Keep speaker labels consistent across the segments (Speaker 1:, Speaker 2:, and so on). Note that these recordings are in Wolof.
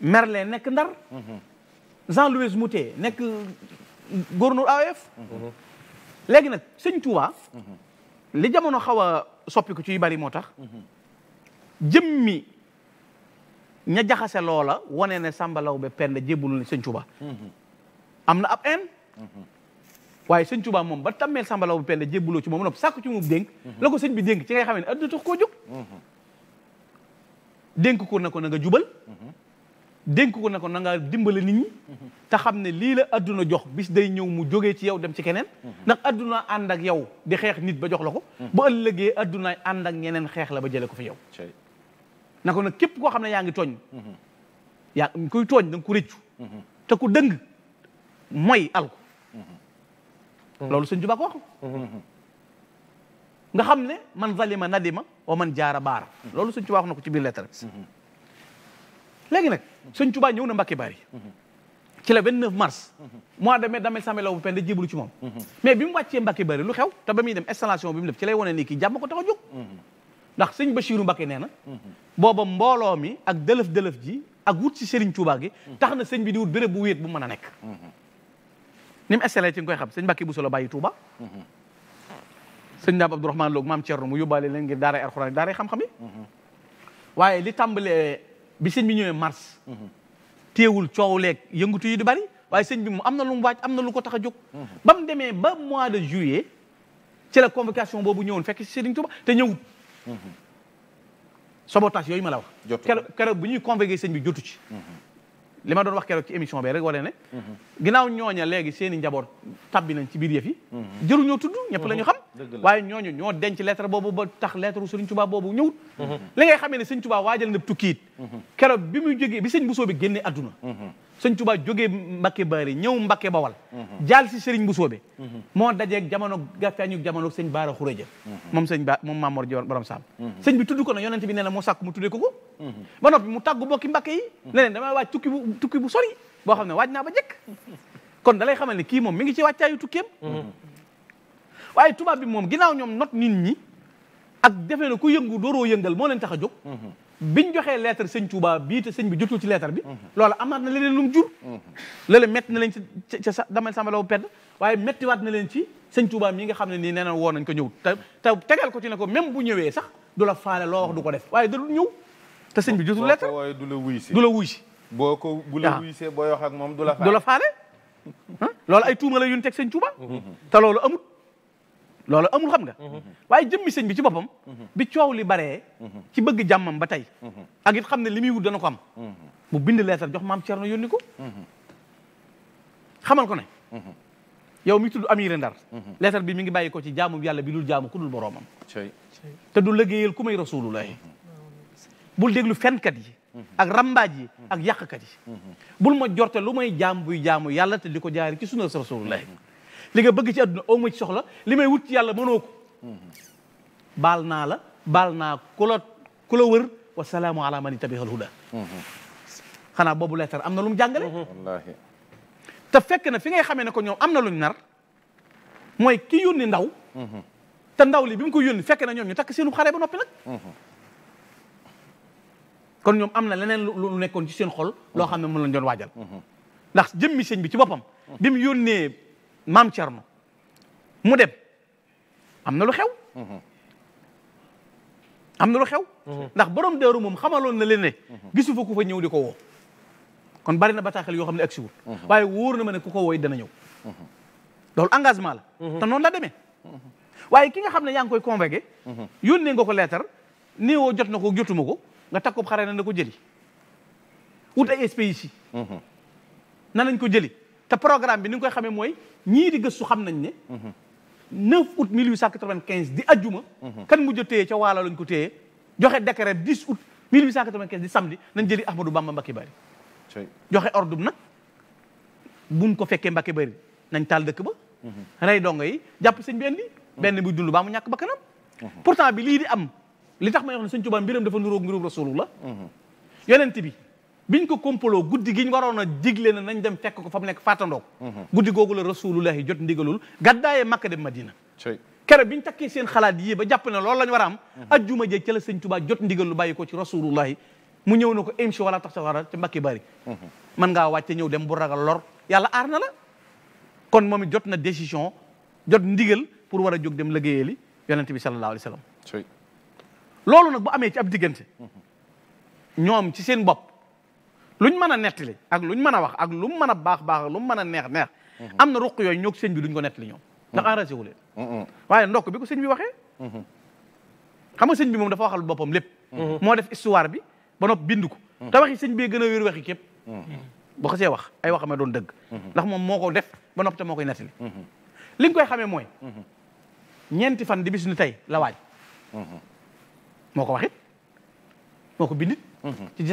Speaker 1: Merlin nekk Ndar. Jean-Louis Moutet nekk gouverneur AOF. léegi nag sëñ Touba. li jamono xaw a soppiku ci yu bari moo tax. jëmmi ña jaxase loola wane ne Samba Laobé Penda jébbalu na sëñ Touba. am na ab en. waaye sëñ Touba moom ba tàmmeel Samba Laobé Penda jébbaloo ci moom nopp sàkku ci moom dénk. la ko sëñ bi dénk ci ngay xam ne adduna tax koo jóg. dénk ko na ko na nga jubal dénk ko na ko na nga dimbale nit ñi te xam ne lii la adduna jox bis day ñëw mu jógee ci yow dem ci keneen ndax adduna ànd ak yow di xeex nit ba jox la ko ba ëllëgee adduna ànd ak ñeneen xeex la ba jële ko fi yow na ko nag képp koo xam ne yaa ngi tooñ mhm. yaa kuy tooñ da nga ko rëccu mhm. te ku dëng mooy alku
Speaker 2: mhm.
Speaker 1: loolu sëñ Tuubaa ko wax nga xam ne man zalima nadima wa man jaara baara loolu Sëñ Tuubaa wax na ko ci biir lettre léegi nag Sëñ Tuubaa ñëw na Mbàkke Bari ci la 29 mars mois de mai damel samelaw bu pende lu ci moom mais bi mu wàccee Mbàkke Bari lu xew te ba muy dem installation bi mu def ci lay wane nii kii jàmm ko tax a jóg ndax Sëñ Bachiru Mbàkke nee na booba mbooloo mi ak dëlëf-dëlëf ji ak wut ci Serigne Touba gi tax na sëñ bi di wut béréb bu wéet bu mën a nekk ni mu installé ci nga koy xam sëñ Mbàkke sëñ daam Abdourahmane Lo maam Thierno mu yóbbaale leen ngir daaray alxuraan daaray xam-xam yi waaye li tàmbalee bi sëñ bi ñëwee mars teewul coow leeg yëngutu yi di bari waaye sañ bi mu am na lu mu waaj am na lu ko tax a jóg ba demee ba mois de juillet ci la convocation boobu ñëwoon fekk si Sëriñ Tuuba te ñëwut sabotage yooyu ma la wax keroog bu ñuy convoqué sëñ bi jotu ci li ma doon wax keroog ci émission bi rek wala ne mhm. ginnaaw ñooña léegi seen njaboot tabbi nañ ci biir yëf yi mhm. jëruñoo tudd ñëpp la ñu waaye ñooñu ñoo denc lettre boobu ba tax lettre Serigne Touba boobu ñëwut mhm. li ngay xamee ne Serigne Touba waajal na tukkiit mhm. keroog bi muy jógee bi Serigne Bousso bi génne adduna mhm. Serigne Touba jógee Mbacké Bari ñëw Mbacké Bawal jaal si Serigne Bousso bi moo dajeeg jamono gafeeñu jamono Serigne Bara Khourédia moom Serigne moom Mamor Dior borom Sam Serigne bi tudd ko na yonent bi nee moo sàkk mu tuddee ko ko ba noppi mu tàggu bokki Mbacké yi ne damay waaj tukki waaye tubaab bi moom ginnaaw ñoom not nit ñi ak defe na ku yëngu dooroo yëngal moo leen tax a jóg mhm. biñ joxee lettre sëñ Touba bii te sëñ bi jotul ci lettre bi mhm. loolu amaat na leneen lu mu jur mhm. loolu metti na leen ci ca sa damel sàmbalaw pedd waaye mettiwaat na leen ci sëñ Touba mi nga xam ne nii nee na woo nañ ko ñëw te te tegal ko ci ne ko même bu ñëwee sax du la faale loo wax du ko def waaye da ñëw te sëñ bi jotul lettre waaye du la wuy si du la wuy si boo ko bu la ah. wuy
Speaker 2: see booy wax ak moom du la faale du la faale
Speaker 1: loolu ay tuuma la yuñ teg sëñ Touba te loolu amut loolu amul xam nga mhm. waaye jëmmi sëñ bi ci boppam mhm. bi coow li baree mhm. ci bëgg jàmmam ba tey ak it xam ne li muy wut dana ko am mu bind leetar jox maam Cerno yónni ko xamal ko ne yow mi tudd am yire ndar leetar bi mi ngi bàyyi ko ci jaamu yàlla bi dul jaamu ku dul boroomam te du liggéeyal ku may rasulullah bul déglu fenkat yi ak rambaaj yi ak yàqkat yi bul ma jorte lu may jaam buy jaamu yàlla te di ko jaari ci sunna rasulullah li nga bëgg ci àdduna aw ma ci soxla li may wut ci yàlla mënoo ko baal naa la baal naa ku la ku la wër wa salaamu ala man itabihal huda xanaa boobu leetar am na lu mu jàngale wallaahi te fekk na fi ngay xame ne ko ñoom am na luñ nar mooy ki yónni ndaw te ndaw li bi mu ko yónni fekk na ñoom ñu takk seenu xare ba noppi nag kon ñoom am na leneen lu nekkoon ci seen xol loo xam ne mën lañ doon waajal ndax jëmmi sëñ bi ci boppam bi mu yónnee maam Thierno mu dem am na lu xew. Mhm. am na lu xew. Mhm. ndax borom deeru moom xamaloon na leen ne. Mhm. gisu fa fa ñëw di ko woo. kon bari na bataaxel yoo xam ne ak siwul waaye wóor na ma ne ku ko wooy dana ñëw. loolu engagement la. te noonu la demee. waaye ki nga xam ne yaa ngi koy convoqué. yónnee nga ko leetar nii woo jot na ko jotuma ko nga takku xare na na ko jëli. wut ay espèces yi. na nañ ko jëli. te programme bi ni nga koy xamee mooy ñii di gëstu xam nañ ne. 9 août 1895 di ajjuma. kan mujj a téye ca waalo lañ ko téye joxe décret 10 août 1895 di samedi nañ jëli Ahmadou Bamba Mbacké Bari. joxe ordre nag buñ ko fekkee Mbacké Bari nañ taal dëkk ba. rey dongo yi jàpp sëñ bi benn buy dund baa mu ñàkk ba kanam. pourtant bi lii di am li tax may wax ne sëñ Tuubaa mbiram dafa nuróog mbirum Rasulullah mhm. yonent bi. biñ ko kompaloo guddi gi ñu a digle na nañ dem fekk ko fa mu nekk faatandoo ko mhm. guddi googu la rasulullahi jot ndigalul gàddaaye Makka dem Madina kere biñ takkee seen xalaat yii ba jàpp ne lañ war a am mhm. ajjuma jee ca la sëñ Tuubaa jot ndigal lu ko ci rasulullahi mu ñëw na ko imsi wala tax sa wara ca mbakki bari man mhm. ngaa wàcce ñëw dem bu ragal lor yàlla aar na la kon moom it jot na décision jot ndigal pour war a jóg dem la yonente bi sallallahu alayhi wa sallam loolu nag bu amee ci ab diggante ñoom seen bopp luñ mën a nettali ak luñ mën a wax ak lu mu mën baax baax ak lu mu mën a neex neex mhm. am na ruq yooyu ñoo sëñ bi duñ ko nettali ñoom ndax enragé mhm. wu leen mhm. waaye ndokk bi ko sëñ bi waxee xam nga bi moom dafa waxal boppam lépp moo def histoire bi ba nopp bind ko te waxi sëñ bee gën a wér waxi képp boo xasee wax ay waxamee doon dëgg ndax moom moo ko def ba nopp te moo koy nettali li nga koy xamee mooy ñeenti fan di bis ni tey la waaj moo ko waxit moo ko bindit ci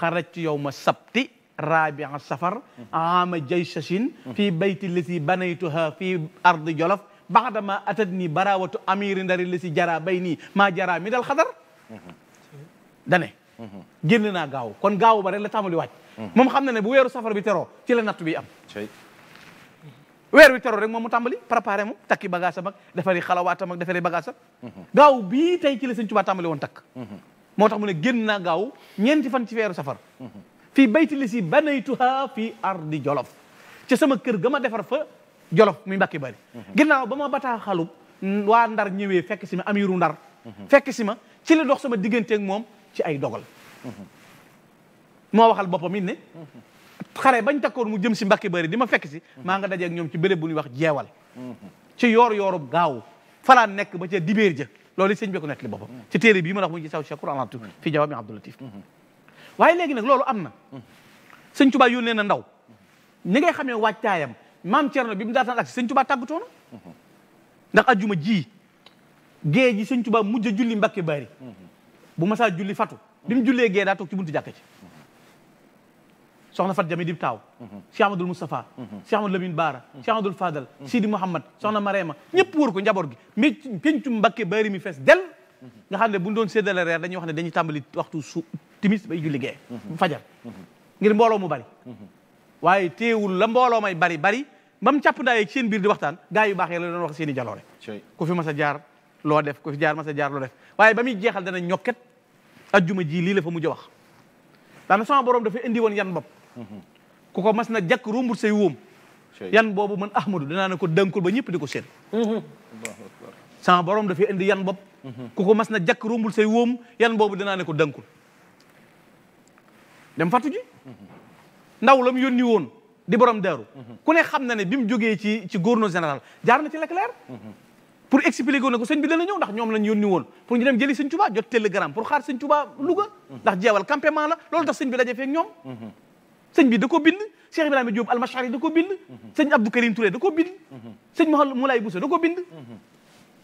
Speaker 1: xarajtu yawma sabti rabia safar ama jaysasin fii bayti lati banaytuha fii ardi jolof baadama atat nii barawatu amiri ndari lati jara bay nii jara mi dal xadar dane gaaw kon gaaw ba rek la tàmbali wàcc moom xam na ne bu weeru safar bi teroo ci la natt bi am weer wi teroo rek moom mu tàmbali préparé mu takki bagage am defari xalawaatam ak defari bagage gaaw bii tey ci la sëñ Tuubaa tàmbali takk moo tax mu ne génn naa gaaw ñeenti fan ci weeru safar fii bayti li si banaytuha fii ardi jolof ca sama kër ga ma defar fa jolof muy mbàkki bari ginnaaw ba ma bataaxalub waa ndar ñëwee fekk si ma amiru ndar fekk si ma ci la dox sama digganteeg moom ci ay dogal moo waxal boppam it ne xare bañ takkoon mu jëm si mbakki bari di ma fekk si maa nga dajeeg ñoom ci béréb bu nuy wax jeewal ci yoor yoorub gaaw falaan nekk ba a dibeer ja loolu sëñ bi ko li boppam mm-hmm. ci téere bi ma wax mu ci saw Cheikh Quran tu mm-hmm. fi Latif mm-hmm. waaye léegi nag loolu am na sëñ Tuubaa yónnee na ndaw ni ngay xamee waajtaayam maam Cerno bi mu daataan ak sëñ Tuubaa tàggatoona ndax ajjuma ji gée ji sëñ Tuubaa mujj a julli Mbàkke Bari bu masaa julli fatu bi mu jullee gée daa toog ci buntu jàkka ci soxna fat jami dib taaw Cheikh Amadou Moustapha Cheikh Amadou Lamine Baara Cheikh Amadou Fadal Sidi Mouhamad soxna Marema ñëpp wër ko njaboot gi mais pencum Mbakke bari mi fees del nga xam ne bu ñu doon séddale reer dañuy wax ne dañuy tàmbali waxtu su timis bay julli gee fajar ngir mbooloo mu bari waaye téewul la mbooloo may bari bari ba mu càpp daayeg seen biir di waxtaan gars yu baax yi la doon wax seen i jaloore ku fi mas a jaar loo def ku fi jaar mas a jaar loo def waaye ba muy jeexal dana ñokket ajjuma ji lii la fa mujj wax daana sama borom dafa indi yan bopp ku ko mas na jakk rumbut say wóom yan boobu man ahmadu danaa ne ko dënkul ba ñëpp di ko seen sama borom dafay indi yan bopp ku ko mas na jàkk rumbul say wóom yan boobu danaa ne ko dënkul dem fàttu ji ndaw la mu yónni woon di borom daaru ku ne xam na ne bi mu jógee ci ci gouverneur général jaar na ci Leclerc pour expliquer ko ne bi dana ñëw ndax ñoom lañ yónni woon pour ñu dem jëli sëñ Tuubaa jot télégramme pour xaar sëñ Tuubaa Louga ndax jeewal campement la loolu tax sëñ bi dajee feek ñoom sëñ bi da ko bind Cheikh Ibrahima Diop almashari da ko bind sëñ Abdou Karim Touré da ko bind sëñ Mouhamed Moulay Bousso da ko bind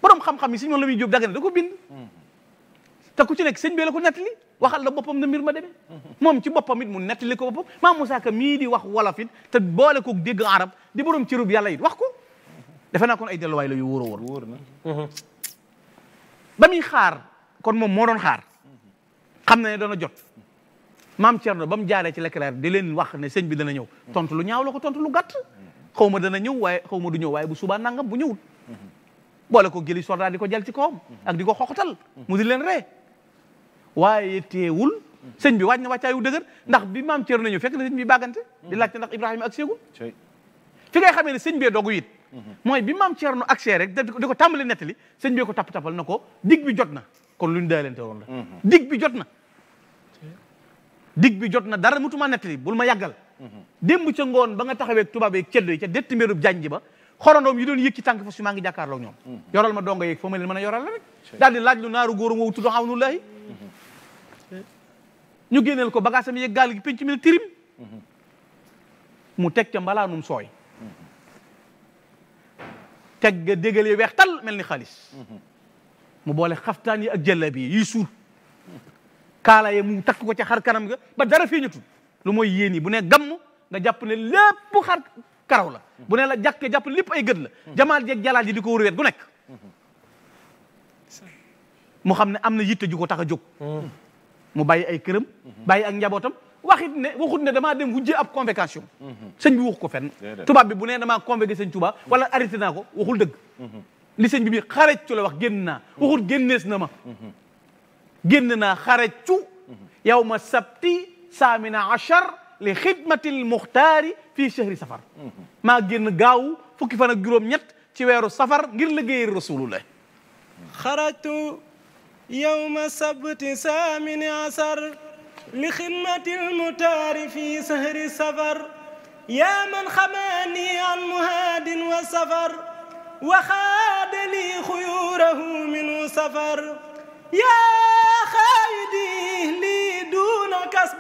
Speaker 1: borom xam-xam yi sëñ moom la muy Diop Dagana da ko bind te ku ci nekk sëñ bi la ko nettali waxal la boppam na mbir ma demee moom ci boppam it mu ko boppam maam Moussa Ka mii di wax wolof it te boole ko dégg arab di borom cërub yàlla it wax ko defe naa kon ay delluwaay la yu wóor a ba muy xaar kon moom moo doon xaar xam na ne doona jot maam Thierno ba mu jaaree ci Leclerc di leen wax ne sëñ bi dana ñëw tontu lu ñaaw la ko tontu lu gàtt xaw ma dana ñëw waaye xaw ma du ñëw waaye bu subaa nanga bu ñëwut boole ko jëli soldat di ko jal ci kawam ak di ko xoxatal mu di leen ree waaye teewul sëñ bi waaj na wàccaayu dëgër ndax bi maam Thierno ñëw fekk na sëñ bi bàggante di laajte ndax Ibrahima ak seegul fi ngay xamee ne sëñ bee dogu it mooy bi maam Thierno ak see rek di ko tàmbali nettali sëñ bee ko tapp-tappal na ko dig bi jot na kon lu ñu daalante woon la mm-hmm. bi jot na dig bi jot na dara mutuma nettali bul ma yàggal démb ca ngoon ba nga taxaweeg tubaab yeeg ceddo yi ca detti mbéerub janj ba xorandoom yi doon yëg ci tànk fas yu maa ngi jàkkaarloo ñoom yoral ma donga yeeg fa ma leen a yoral la rek daal di laaj lu naaru góoram woowu tudd xawnullahi ñu génneel ko bagaasam yeeg gaal gi penc mi tirim teg ca mbalaanum sooy teg ga dégal weex tal mel ni xaalis mu boole xaftaan yi ak jëllabi yi suur kaala ye mu takk ko ca xar kanam ga ba dara feeñatul lu mooy yéen yi bu ne gamm nga jàpp ne lépp xar karaw la bu ne la jàkkee jàpp lépp ay gët la jamaal jeeg jalaal ji di ko wër wet gu mu xam ne am na yitte ju ko tax a jóg mu bàyyi ay këram bàyyi ak njabootam waxit ne waxut ne damaa dem wujjee ab convocation sëñ bi wax ko fenn tubaab bi bu ne damaa convoqué sëñ Tuubaa wala arrêté naa ko waxul dëgg mmh li sëñ bi bi xarej ci wax génn naa waxut génnees na génn naa xarajtu yawma sabti saamina achar li xidmatil muxtaari fii chahri safar maa génn gaaw fukki fan ak juróom-ñett ci weeru safar ngir liggéeyal rasulullah xarajtu yawma sabti saamina achar li xidmatil muxtaari fii chahri safar yaa man xamaani an muhaadin wa safar wa xaadali xuyuurahu minu safar yaa أهلي